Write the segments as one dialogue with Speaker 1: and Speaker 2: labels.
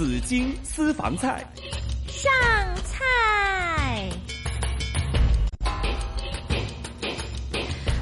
Speaker 1: 紫金私房菜
Speaker 2: 上。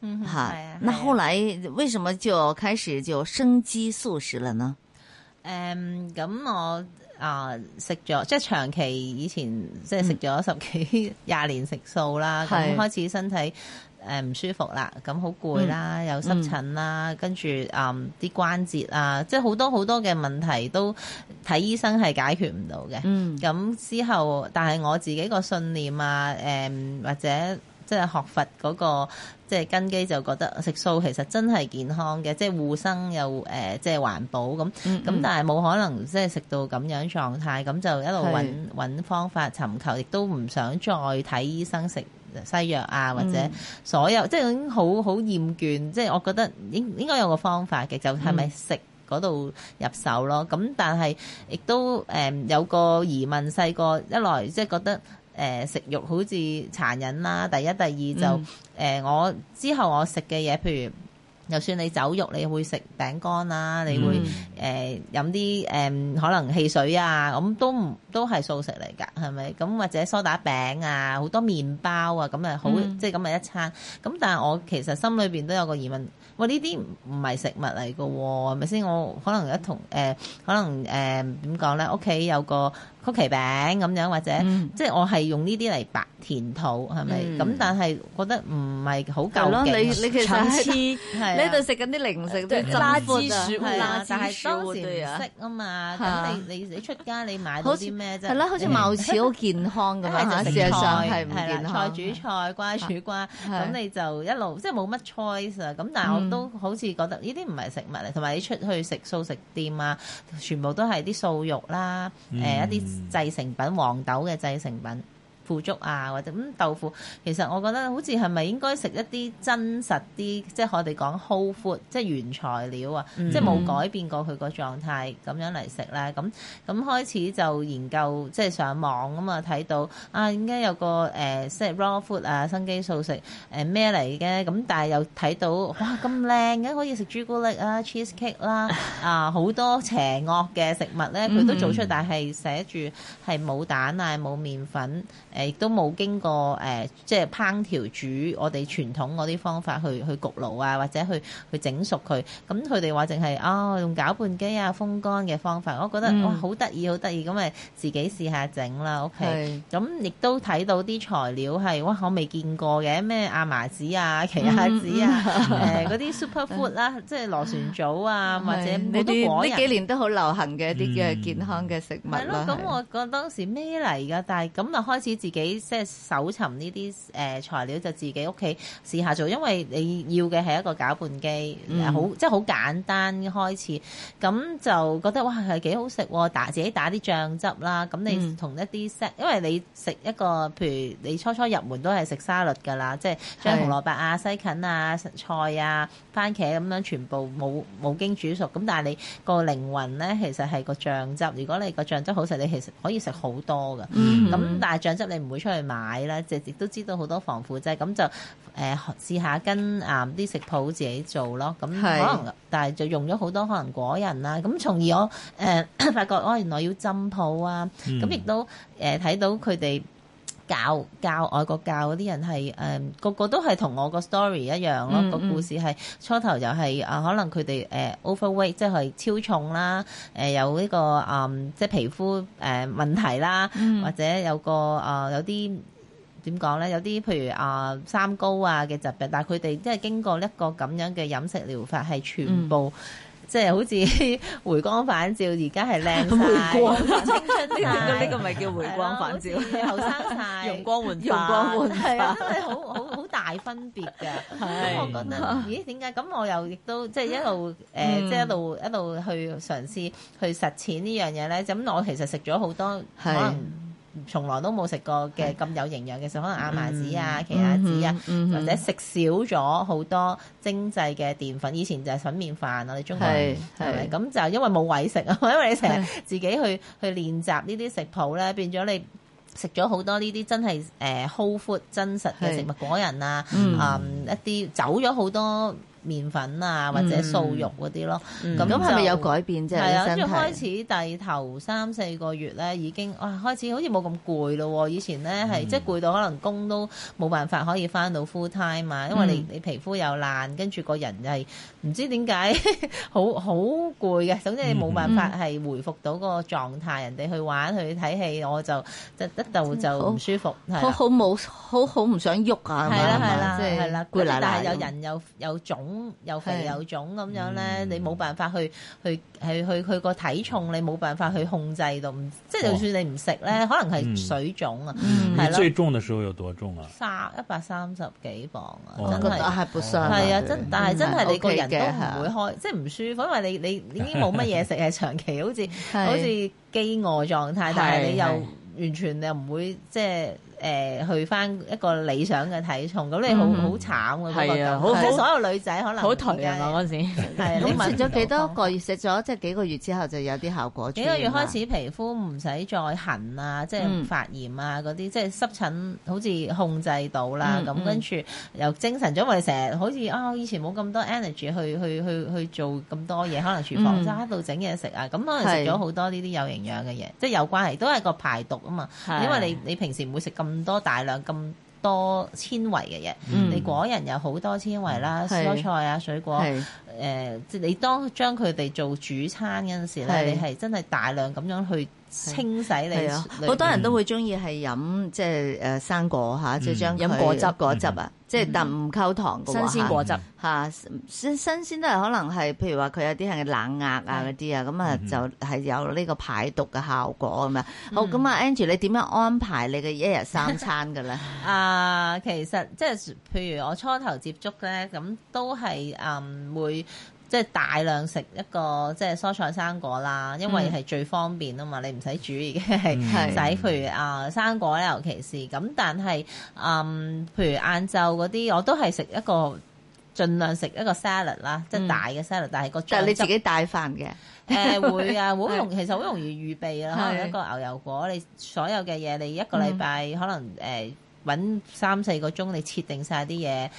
Speaker 2: 嗯，係啊。啊那後來為什麼就開始就生機素食了呢？
Speaker 1: 誒、嗯，咁我啊食咗即係長期以前即係食咗十幾廿年食素啦，咁開始身體誒唔舒服啦，咁好攰啦，嗯、有濕疹啦，嗯、跟住誒啲關節啊，即係好多好多嘅問題都睇醫生係解決唔到嘅。嗯，咁之後但係我自己個信念啊，誒、嗯、或者即係學佛嗰、那個。即係根基就覺得食素其實真係健康嘅，即係護生又誒，即、呃、係、就是、環保咁。咁、嗯嗯、但係冇可能即係食到咁樣狀態，咁、嗯、就一路揾是方法尋求，亦都唔想再睇醫生食西藥啊，或者所有即係已經好好厭倦。即、就、係、是、我覺得應應該有個方法嘅，就係、是、咪食嗰度入手咯？咁、嗯嗯、但係亦都誒有個疑問，細個一來即係覺得。誒食肉好似殘忍啦，第一第二就誒、嗯欸、我之後我食嘅嘢，譬如就算你走肉，你會食餅乾啦，嗯、你會誒、呃、飲啲誒、呃、可能汽水啊，咁都唔都係素食嚟㗎，係咪？咁或者梳打餅啊，好多麵包啊，咁啊好、嗯、即係咁啊一餐。咁但係我其實心裏邊都有個疑問。我呢啲唔係食物嚟嘅喎，係咪先？我可能一同誒，可能誒點講咧？屋企有個曲奇餅咁樣，或者即係我係用呢啲嚟白填肚，係咪？咁但係覺得唔係好夠勁。你你其實你喺度食緊
Speaker 2: 啲零食都垃圾，但係當時唔識啊
Speaker 1: 嘛。咁你你你出街你買到啲咩啫？係啦，好似貌似好健
Speaker 2: 康咁，事實上係唔健康。菜煮
Speaker 1: 菜瓜煮瓜，咁你就一路即係冇乜 choice 啊。咁但係我。都好似覺得呢啲唔係食物嚟，同埋你出去食素食店啊，全部都係啲素肉啦、啊，誒、嗯呃、一啲製成品黃豆嘅製成品。腐竹啊，或者咁、嗯、豆腐，其實我覺得好似係咪應該食一啲真實啲，即、就、係、是、我哋講 whole food，即係原材料啊， 即係冇改變過佢個狀態咁樣嚟食咧。咁咁、嗯、開始就研究，即係上網啊嘛，睇到啊，點解有個誒、呃、即係 raw food 啊，生機素食誒咩嚟嘅？咁、呃、但係又睇到哇咁靚嘅，可以食朱古力啊、cheesecake 啦啊，好多邪惡嘅食物咧，佢都做出，但係寫住係冇蛋啊、冇麵粉。亦都冇經過誒、呃、即係烹調煮我哋傳統嗰啲方法去去焗爐啊，或者去去整熟佢。咁佢哋話淨係哦用攪拌機啊風乾嘅方法，我覺得哇好得意好得意，咁咪自己試下整啦。OK，咁亦都睇到啲材料係哇我未見過嘅咩亞麻籽啊奇亞籽啊誒啲 super food 啦、啊， 嗯、即係螺旋藻啊或者呢幾年
Speaker 2: 都好流行嘅一啲嘅健康嘅食物。係咯、嗯，咁、嗯、
Speaker 1: 我覺得當時咩嚟㗎？但係咁啊開始自己即係搜尋呢啲誒材料，就自己屋企試下做，因為你要嘅係一個攪拌機，好、嗯、即係好簡單嘅開始。咁就覺得哇係幾好食，打自己打啲醬汁啦。咁你同一啲 set、嗯、因為你食一個譬如你初初入門都係食沙律噶啦，即係將紅蘿蔔啊、是西芹啊、菜啊、番茄咁樣全部冇冇經煮熟。咁但係你個靈魂咧，其實係個醬汁。如果你個醬汁好食，你其實可以食好多㗎。咁、嗯嗯、但係醬汁你，唔會出去買啦，即係亦都知道好多防腐劑，咁就誒試下跟啊啲食譜自己做咯，咁可能但係就用咗好多可能果仁啦，咁從而我誒發覺，哦、呃、原來要浸泡啊，咁亦都誒睇到佢哋，教教外國教嗰啲人係誒、嗯、個個都係同我個 story 一樣咯，嗯、個故事係初頭又係啊，可能佢哋誒、呃、overweight 即係超重啦，誒、呃、有呢、這個誒、呃、即係皮膚誒、呃、問題啦，或者有個誒有啲點講咧，有啲譬、呃、如啊、呃、三高啊嘅疾病，但係佢哋即係經過一個咁樣嘅飲食療法係全部。嗯即係好似回光返照，而家係靚曬，
Speaker 2: 青春呢個咪叫回光返照，後生晒。 容光煥 容光煥發，係啊， 真係
Speaker 1: 好好好大分別㗎。是我覺得，咦，點解咁？我又亦都即係一路誒，嗯、即係一路一路，一路去嘗試去實踐呢樣嘢咧。咁我其實食咗好多。從來都冇食過嘅咁是有營養嘅候，可能亞麻籽啊、嗯、奇亞籽啊，嗯嗯、或者食少咗好多精製嘅澱粉。以前就係粉麵飯啊，你中國係咪？咁就因為冇餵食啊，因為你成日自己去是去練習呢啲食譜咧，變咗你食咗好多呢啲真係誒好 o o d 真實嘅食物果仁啊是嗯嗯，嗯，一啲走咗好多。麵粉啊，或者素肉嗰啲咯，咁係咪有改變啫？係啊，即、就、係、是、開始第頭三四個月咧，已經哇、啊、開始好似冇咁攰咯。以前咧係、嗯、即係攰到可能工都冇辦法可以翻到 full time 啊，因為你你皮膚又爛，跟住個人係唔知點解好好攰嘅。總之你冇辦法係回復到個狀態，人哋去玩去睇戲，我就得一度就唔舒服，好好冇好好唔想喐啊係係啦，啦，即啦，攰 啦，但係有人有有腫。有有種又肥又腫咁樣咧，你冇辦法去去去去佢個體重，你冇辦法去控制到，即係就算你唔食咧，可能係水腫啊。
Speaker 2: 係最重嘅時候有多重啊？三
Speaker 1: 一百三十幾磅啊，真係係啊，真但係真係你個人都唔會開，即係唔舒服，因為你你已經冇乜嘢食，係長期好似好似飢餓狀態，但係你又完全你又唔會即係。誒去翻一個理想嘅體重，咁你好好慘啊，所有
Speaker 2: 女仔可能好頹啊嘛，嗰陣時，
Speaker 1: 你食咗幾
Speaker 2: 多個月？食咗即係幾個月之後就有啲效果，幾個月開始皮膚唔使再
Speaker 1: 痕啊，即係發炎啊嗰啲，即係濕疹好似控制到啦。咁跟住又精神咗。我哋成日好似啊，以前冇咁多 energy 去去去去做咁多嘢，可能廚房揸度整嘢食啊。咁可能食咗好多呢啲有營養嘅嘢，即係有關係，都係個排毒啊嘛。因為你你平時唔會食咁。咁多大量咁多纖維嘅嘢，嗯、你果仁有好多纖維啦，蔬的菜啊、水果，誒的，即係、呃、你當
Speaker 2: 將佢哋做主餐嗰陣時咧，的你係真係大量咁樣去清洗你啊！好多人都會中意係飲即係誒生果嚇，即係將飲果汁嗰一汁啊！即係但唔溝糖嘅話，新鮮果汁嚇、啊，新新鮮都係可能係，譬如話佢有啲係冷壓啊嗰啲啊，咁啊的就係有呢個排毒嘅效果咁樣。嗯、好咁啊，Angie，你點樣安排你嘅一日三餐嘅咧？ 啊，
Speaker 1: 其實即係譬如我初頭接觸咧，咁都係誒、嗯、會。即係大量食一個即係、就是、蔬菜生果啦，因為係最方便啊嘛，你唔使煮已經係使。譬、嗯、如啊，生、呃、果咧，尤其是咁，但係嗯，譬如晏晝嗰啲，我都係食一個，盡量食一個 salad 啦，即係、嗯、大嘅 salad，但係個但係你自己
Speaker 2: 帶飯嘅，
Speaker 1: 誒、呃、會啊，好、啊、容 是其實好容易預備啦，可能一個牛油果，你所有嘅嘢，你一個禮拜、嗯、可能誒。呃揾三四個鐘，你設定晒啲嘢，誒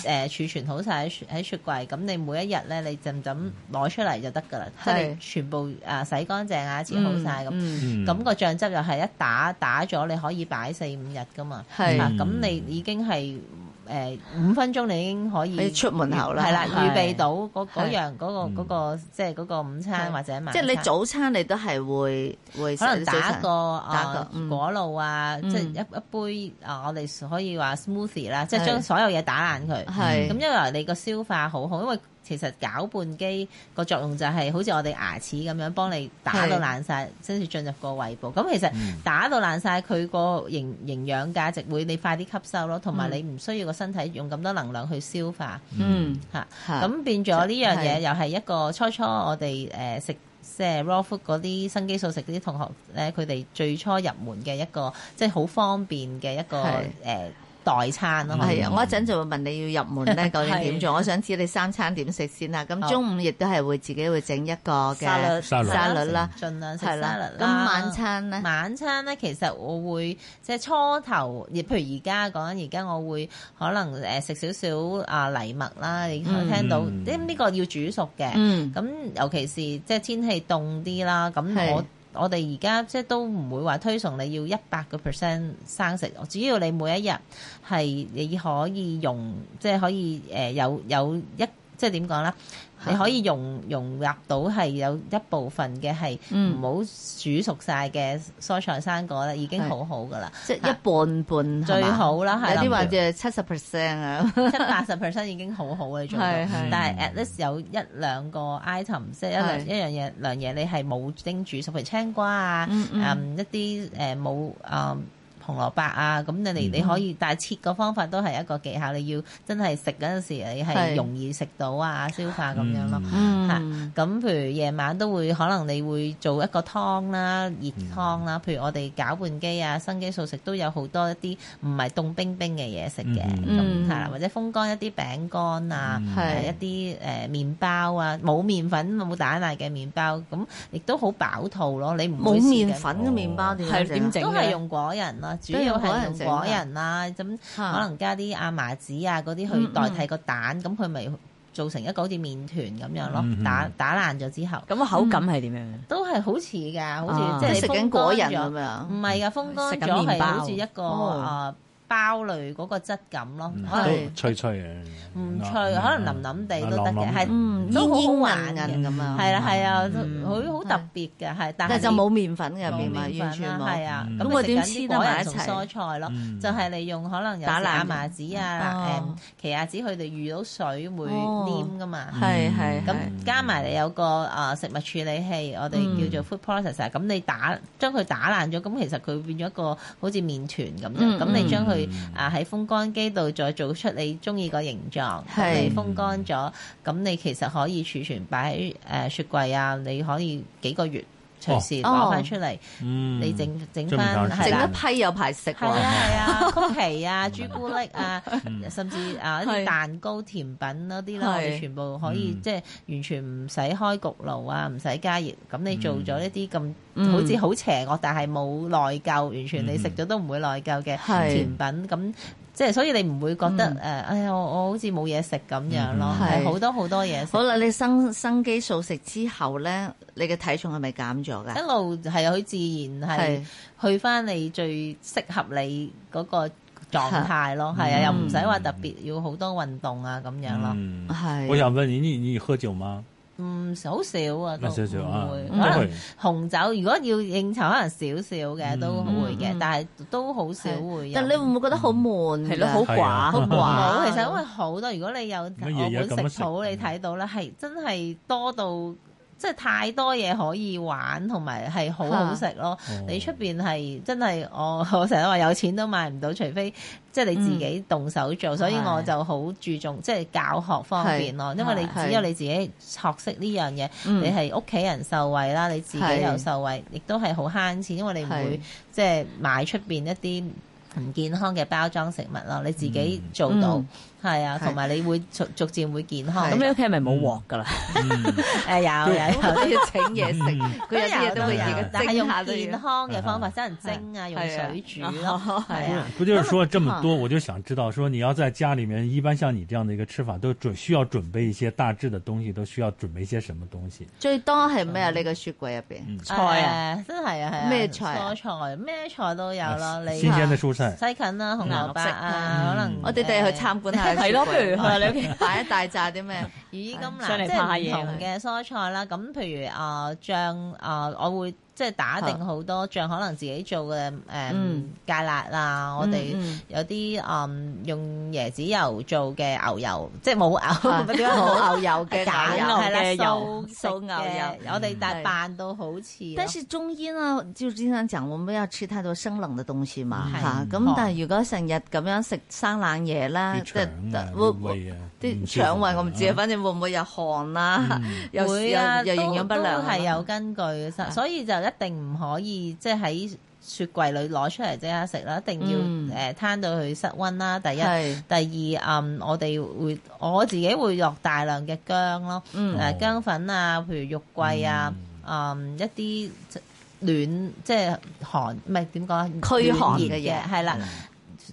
Speaker 1: 是、呃、儲存好晒喺雪櫃，咁你每一日咧，你就咁攞出嚟就得㗎啦，是即係全部啊、呃、洗乾淨啊，切好晒。咁、嗯，咁、嗯個醬汁又係一打打咗，你可以擺四五日㗎嘛，嚇咁是、啊、你已經係。誒，五分鐘你已經可以出門口啦，係啦，預備到嗰嗰樣嗰個即係嗰個午餐或者晚。即係你早
Speaker 2: 餐你都係會會可能打個啊
Speaker 1: 果露啊，即係一一杯啊，我哋可以話 smoothie 啦，即係將所有嘢打爛佢。係咁，因為你個消化好好，因為。其實攪拌機個作用就係好似我哋牙齒咁樣，幫你打到爛晒，先至進入個胃部。咁其實打到爛晒，佢個營營養價值會你快啲吸收咯，同埋你唔需要個身體用咁多能量去消化。嗯，嚇、嗯，咁是變咗呢樣嘢又係一個是初初我哋誒、呃、食即係 raw food 嗰啲生機素食啲同學咧，佢、呃、哋最
Speaker 2: 初入門嘅一個即係好方便嘅一個誒。代餐咯，係啊！我一陣就會問你要入門咧，究竟點做？我想知你三餐點食先啦。咁中午亦都係會自己會整一個嘅沙律啦，盡量食沙律啦。咁晚餐咧？晚
Speaker 1: 餐咧，其實我會即係初頭，亦譬如而家講，而家我會可能誒食少少啊藜麥啦。你聽到？即係呢個要煮熟嘅。咁尤其是即係天氣凍啲啦，咁我。我哋而家即係都唔會話推崇你要一百個 percent 生食，只要你每一日係你可以用，即係可以誒、呃、有有一。即係點講咧？你可以融融入到係有一部分嘅係唔好煮熟晒嘅蔬菜生果啦，已經好好噶啦。即係一半半最好啦，係有啲或者
Speaker 2: 七十 percent 啊，七八
Speaker 1: 十 percent 已經好好嘅。你做到，是是但係 at least 有一兩個 item，即係一是一樣嘢，兩樣嘢你係冇蒸煮熟，譬如青瓜啊，嗯，嗯，嗯，一啲誒冇啊。呃紅蘿蔔啊，咁你你你可以，但係切個方法都係一個技巧，你要真係食嗰陣時，你係容易食到啊，消化咁樣咯嚇。咁譬如夜晚都會可能你會做一個湯啦，熱湯啦，譬如我哋攪拌機啊、生機素食都有好多一啲唔係凍冰冰嘅嘢食嘅，咁係啦，或者風乾一啲餅乾啊，一啲誒麵包啊，冇麵粉冇蛋奶嘅麵包，咁亦都好飽肚咯。你唔冇麵粉嘅麵包點係點整？都係用果仁啦。主要係用果仁啦、啊，咁的可能加啲亞麻籽啊嗰啲去代替個蛋，咁佢咪做成一個好似麵團咁樣咯，打打爛咗之後。咁個、嗯、口感係點樣？都係好似㗎，好似、啊、即係食緊果仁咁樣。唔係㗎，風乾咗係好似一個。包類嗰個質感咯，可能脆脆嘅，唔脆，可能腍腍地都得嘅，係，都好硬嘅咁啊，係啦，係啊，佢好特別嘅，係，但係就冇麵
Speaker 2: 粉嘅，麵粉完全冇，係啊，咁佢點黏埋一齊？蔬菜
Speaker 1: 咯，就係利用可能有芝麻籽啊，誒奇亞籽，佢哋遇到水會黏噶嘛，係係，咁加埋你有個誒食物處理器，我哋叫做 food processor，咁你打將佢打爛咗，咁其實佢變咗一個好似麵團咁樣，咁你將佢。啊！喺風乾機度再做出你中意個形狀，你是、嗯、風乾咗，咁你其實可以儲存擺喺誒雪櫃啊！你可以幾個月。隨時攞翻出嚟，
Speaker 2: 你整
Speaker 1: 整翻整一批有排食。係啊係啊，曲奇啊、朱古力啊，甚至啊一啲蛋糕甜品嗰啲啦，我哋全部可以即係完全唔使開焗爐啊，唔使加熱，咁你做咗一啲咁好似好邪惡，但係冇內疚，完全你食咗都唔會內疚嘅甜品咁。即係，所以你唔會覺得
Speaker 2: 誒，嗯、哎呀，我好似冇嘢食咁樣咯，係、嗯、好多好多嘢。好啦，你生生機素食之後咧，你嘅體重係咪減咗㗎？一路係好自然是，係
Speaker 1: 去翻你最適合你嗰個狀態咯。係啊，又唔使話特別要好多運動啊咁樣咯。係、嗯。是我想
Speaker 2: 問你，你你，你喝酒嗎？
Speaker 1: 唔好少啊，都唔會，嗯、可能紅酒如果要應酬，可能少少嘅都會嘅，嗯、但係都好少會。但你會唔會覺得好悶係咯。好寡、嗯，好寡。其實因為好多，如果你有我本食譜，你睇到啦，係真係多到即係太多嘢可以玩，同埋係好好食咯。的你出邊係真係我我成日都話有錢都買唔到，除非。即係你自己動手做，嗯、所以我就好注重是即係教學方面咯。是因為你只有你自己學識呢樣嘢，是你係屋企人受惠啦，嗯、你自己又受惠，是亦都係好慳錢，因為你唔會即係買出邊一啲。唔健康嘅包裝食物咯，你自己做到係啊，同埋你會逐逐漸會健康。咁你屋
Speaker 2: 企咪冇鑊噶啦？誒有，有
Speaker 1: 有，都要整嘢食，佢一樣都有，但係用健康嘅方法，真人蒸啊，用水煮咯，係啊。不就是說這麼多，
Speaker 2: 我就想知道，說你要在家裡面，一般像你這樣嘅一個吃法，都準需要準備一些大致嘅東西，都需要準備一些什麼東西？最多係咩啊？呢個雪櫃入邊菜啊，真係啊，係咩菜？蔬菜
Speaker 1: 咩菜都有咯，你。新鮮的蔬西芹啦、啊，紅蘿蔔啊，嗯、可能我哋第日去參
Speaker 2: 觀下、欸。係咯、嗯，譬如你屋企擺一大扎啲咩？羽衣甘藍， 即係唔同
Speaker 1: 嘅蔬菜啦。咁 譬如啊，醬、呃、啊、呃，我會。即係打定好多醬，可能自己做嘅誒芥辣啦。我哋有啲誒用椰子油做嘅牛油，即係冇牛冇牛油嘅假牛油，係啦，素牛油。我哋但係扮到好似。但是
Speaker 2: 中醫啦，趙先生講，我唔要食太多生冷嘅東西嘛嚇。咁但係如果成日咁樣食生冷嘢啦，即係會會啊啲腸胃我唔知，啊，反正會唔會有寒啦？會啊，又營養不良。都係有
Speaker 1: 根據嘅，所以就一定唔可以即係喺雪櫃裏攞出嚟即刻食啦，一定要誒攤到佢室温啦。第一，是第二，嗯，我哋會我自己會落大量嘅姜咯，誒姜、嗯啊、粉啊，譬如肉桂啊，嗯，嗯，一啲暖即係、就是、寒，唔係點講啊，驅寒嘅嘢係啦。的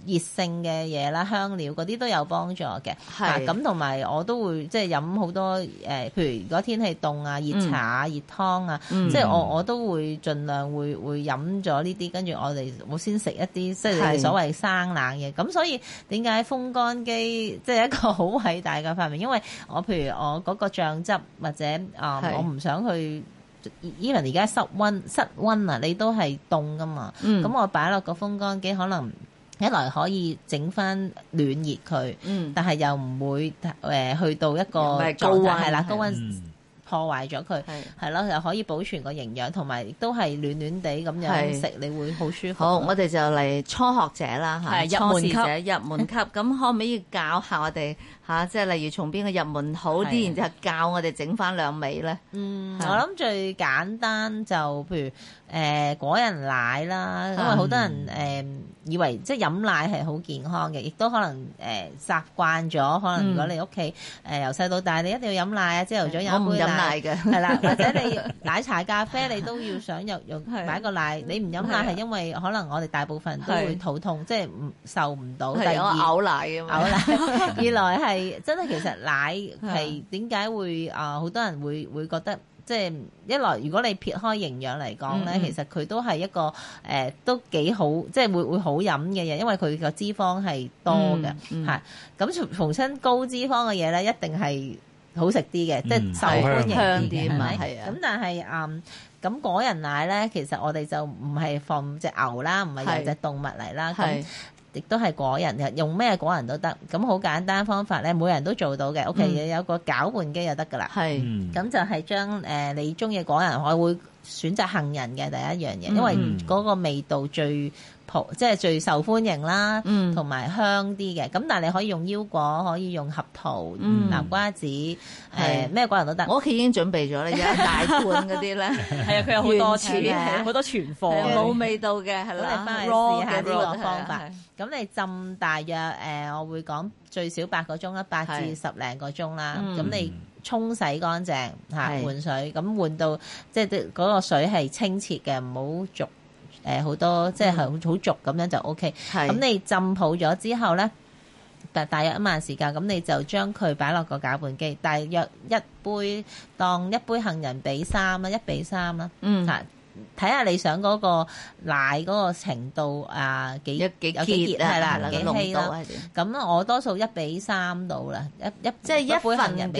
Speaker 1: 熱性嘅嘢啦，香料嗰啲都有幫助嘅。嗱、啊，咁同埋我都會即係飲好多誒、呃，譬如如果天氣凍啊，熱茶啊，嗯、熱湯啊，即係、嗯、我我都會盡量會會飲咗呢啲，跟住我哋我先食一啲，即、就、係、是、所謂生冷嘢。咁所以點解風乾機即係一個好偉大嘅發明？因為我譬如我嗰個醬汁或者啊，呃、是我唔想去，even 而家室温室温啊，你都係凍噶嘛。咁對我擺落個風乾機可能。嗯一來可以整翻暖熱佢，嗯、但係又唔會誒、呃、去到一個高溫係啦，的高溫破壞咗佢，係咯又可以保存個營養，同埋都係暖暖地咁樣食，的你
Speaker 2: 會好舒服。好，我哋就嚟初學者啦嚇，入門級入門級，咁、嗯、可唔可以教下我哋？啊，即係例如從邊個入門好啲，然之後教我哋整返兩味咧。
Speaker 1: 嗯，我諗最簡單就譬如
Speaker 2: 誒果仁奶啦，
Speaker 1: 因為好多人誒以為即係飲奶係好健康嘅，亦都可能誒習慣咗。可能如果你屋企誒由細到大，你一定要飲奶啊，朝頭早飲杯奶嘅，係啦。或者你奶茶、咖啡，你都要想入入買個奶。你唔飲奶係因為可能我哋大部分人都會肚痛，即係唔受唔到。係啊，嘔奶啊嘛！嘔奶。二來係。真係，其實奶係點解會啊？好、呃、多人會會覺得，即、就、係、是、一來如果你撇開營養嚟講咧，嗯、其實佢都係一個誒、呃、都幾好，即係會會好飲嘅嘢，因為佢個脂肪係多嘅。係咁逢親高脂肪嘅嘢咧，一定係好食啲嘅，嗯、即係受歡迎啲，係咪？咁但係嗯，咁果仁奶咧，其實我哋就唔係放隻牛啦，唔係用隻動物嚟啦，咁。亦都係果仁嘅，用咩果仁都得，咁好簡單方法咧，每人都做到嘅。嗯、o、okay, K，有個攪拌機就得㗎啦，係咁、嗯、就係將誒你中意果仁，我會。選擇杏仁嘅第一樣嘢，因為嗰個味道最普，即係最受歡迎啦，同埋香啲嘅。咁但係你可以用腰果，可以用合桃、南瓜子，誒咩果仁都得。我屋企已經準備咗咧，有大罐嗰
Speaker 2: 啲咧，係啊，佢有好多錢好多存貨，冇味道嘅
Speaker 1: 係咯。你翻嚟試下呢個方法，咁你浸大約誒，我會講最少八個鐘啦，八至十零個鐘啦，咁你。.沖洗乾淨嚇，是換水，咁換到即係啲嗰個水係清澈嘅，唔好濁，誒好多，即係好好濁咁樣就 O K。咁是你浸泡咗之後呢，大約一晚時間，咁你就將佢擺落個攪拌機，大約一杯當一杯杏仁比三啦，一比三啦，嗯嚇。睇下你想嗰個奶嗰個程度啊，幾熱？係啦，幾濃度？咁我多數一比三到啦，一
Speaker 2: 一即係一杯杏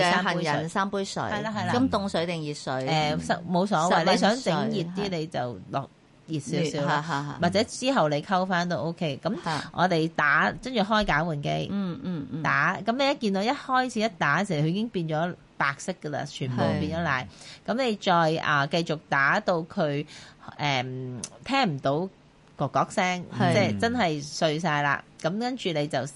Speaker 2: 仁三杯水。係啦係啦。咁凍水定
Speaker 1: 熱水？誒，冇所謂。你想整熱啲，你就落熱少少，或者之後你溝翻都 OK。咁我哋打，跟住開攪拌機。嗯
Speaker 2: 嗯
Speaker 1: 打，咁你一見到一開始一打嘅時候，佢已經變咗。白色嘅啦，全部變咗奶，咁是你再啊繼續打到佢誒、嗯、聽唔到咯咯聲，是即係真係碎晒啦。咁跟住你就熄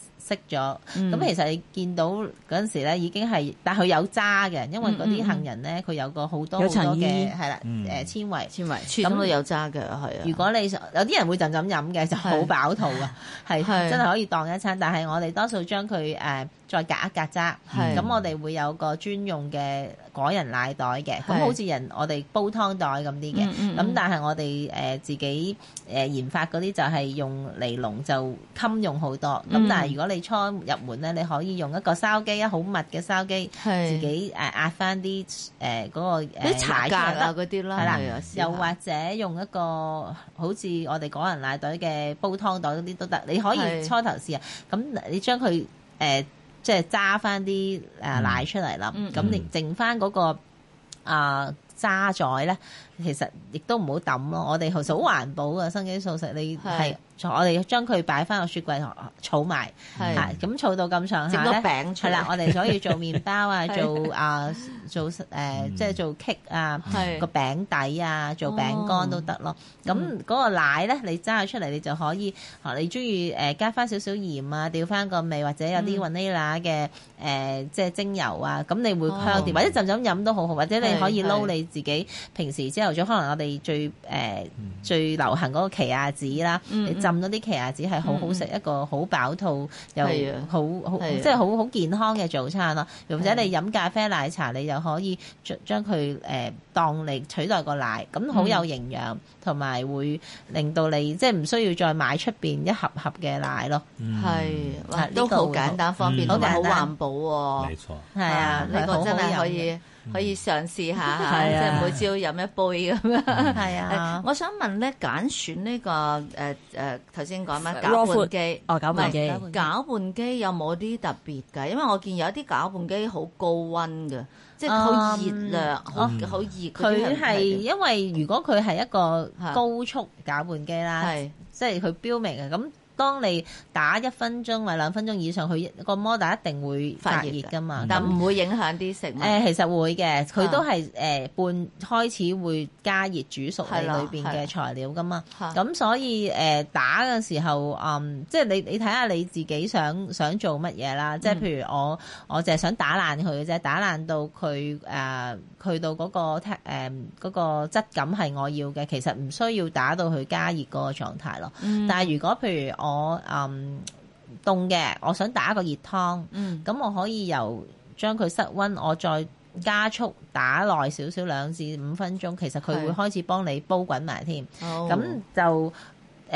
Speaker 1: 咗。咁、嗯、其實你見到嗰陣時咧，已經係，但佢有渣嘅，因為嗰啲杏仁咧，佢有個好多好多嘅係啦誒纖維，纖維，咁都、啊、有渣嘅係啊。如果你有啲人會陣陣飲嘅，就好飽肚啊，係真係可以當一餐。但係我哋多數將佢誒。啊啊啊再隔一隔渣，咁是我哋會有個專用嘅果仁奶袋嘅，咁好似人我哋煲湯袋咁啲嘅，咁、嗯嗯嗯、但係我哋誒自己誒研發嗰啲就係用尼龍就襟用好多，咁、嗯、但係如果你初入門咧，你可以用一個筲箕啊，好密嘅筲箕，自己誒壓翻啲誒嗰
Speaker 2: 個茶架啊嗰啲咯，係啦，又或
Speaker 1: 者用一個好似我哋果仁奶袋嘅煲湯袋嗰啲都得，你可以初頭試啊，咁是你將佢誒。呃呃呃呃即係揸翻啲誒奶出嚟啦，咁你、嗯、剩翻嗰、嗰個啊、呃、渣滓咧。其實亦都唔好抌咯，我哋其實好環保嘅生機素食，你係我哋將佢擺翻個雪櫃儲埋，係咁儲到咁上下咧，係啦，我哋所以做麵包啊，做啊做誒即係做 cake 啊，個餅底啊，做餅乾都得咯。咁嗰個奶咧，你揸出嚟你就可以，你中意誒加翻少少鹽啊，調翻個味，或者有啲 vanilla 嘅誒即係精油啊，咁你會香啲，或者浸浸飲都好好，或者你可以撈你自己平時咗可能我哋最誒最流行嗰個奇亞籽啦，你浸咗啲奇亞籽係好好食，一個好飽肚，又好好即係好好健康嘅早餐咯。又或者你飲咖啡奶茶，你又可以將將佢誒當嚟取代個奶，咁好有營養，同埋會令到你即係唔需要再買出邊一盒盒嘅奶咯。係，都好簡單方便，好環保喎。
Speaker 2: 冇錯，係啊，你個真係可以。可以嘗試下嚇，即係每朝飲一杯咁樣。係啊，我想問咧，揀選呢個誒誒頭先講咩？攪拌機？唔係攪拌機有冇啲特別㗎？因為我見有啲攪拌機好高溫㗎，即係好熱量，好熱。佢係因
Speaker 1: 為如果佢係一個高速攪拌機啦，即係佢標明嘅咁。當你打一分鐘或兩分鐘以上，佢個 model 一定會發熱㗎嘛，但唔會影響啲食物。誒、呃，其實會嘅，佢都係誒、呃、半開始會加熱煮熟你裏邊嘅材料㗎嘛。咁所以誒、呃、打嘅時候，嗯，即係你你睇下你自己想想做乜嘢啦。即係譬如我我淨係想打爛佢嘅啫，打爛到佢誒、呃、去到嗰、那個誒嗰、呃那個、質感係我要嘅，其實唔需要打到佢加熱嗰個狀態咯。嗯、但係如果譬如，我嗯，凍嘅，我想打個熱湯，咁、嗯、我可以由將佢室溫，我再加速打耐少少兩至五分鐘，其實佢會開始幫你煲滾埋添。咁是就誒、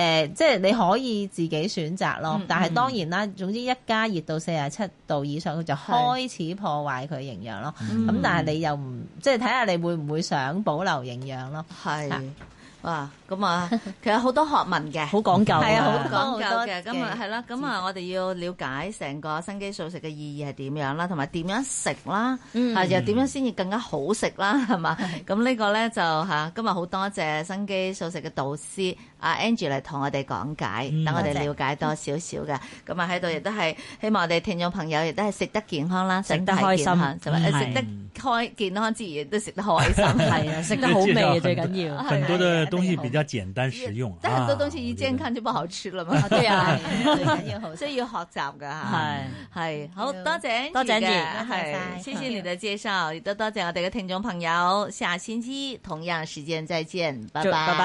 Speaker 1: 呃，即係你可以自己選擇咯。嗯嗯、但係當然啦，總之一加熱到四十七度以上，佢就開始破壞佢營養咯。咁是、嗯、但係你又唔即係睇下你會
Speaker 2: 唔會想保留營養咯？係啊。哇咁啊，其實好多學問嘅，好講究嘅，係啊，好講究嘅。咁啊，係啦，咁啊，我哋要了解成個生機素食嘅意義係點樣啦，同埋點樣食啦，啊又點樣先至更加好食啦，係嘛？咁呢個咧就吓，今日好多謝生機素食嘅導師阿 Angie 嚟同我哋講解，等我哋了解多少少嘅。咁啊喺度亦都係希望我哋聽眾朋友亦都係食得健康啦，食得開心嚇，食得開健康之餘亦都食得開心，係啊，食得好味啊最緊要。多嘅東西它簡單實用，但很多東西一健康就不好吃了嘛。對啊，所以要學習㗎吓。係係，好多謝多謝你，係，謝謝你的介紹，亦都多謝我哋嘅聽眾朋友，下星期同樣時間再見，拜拜。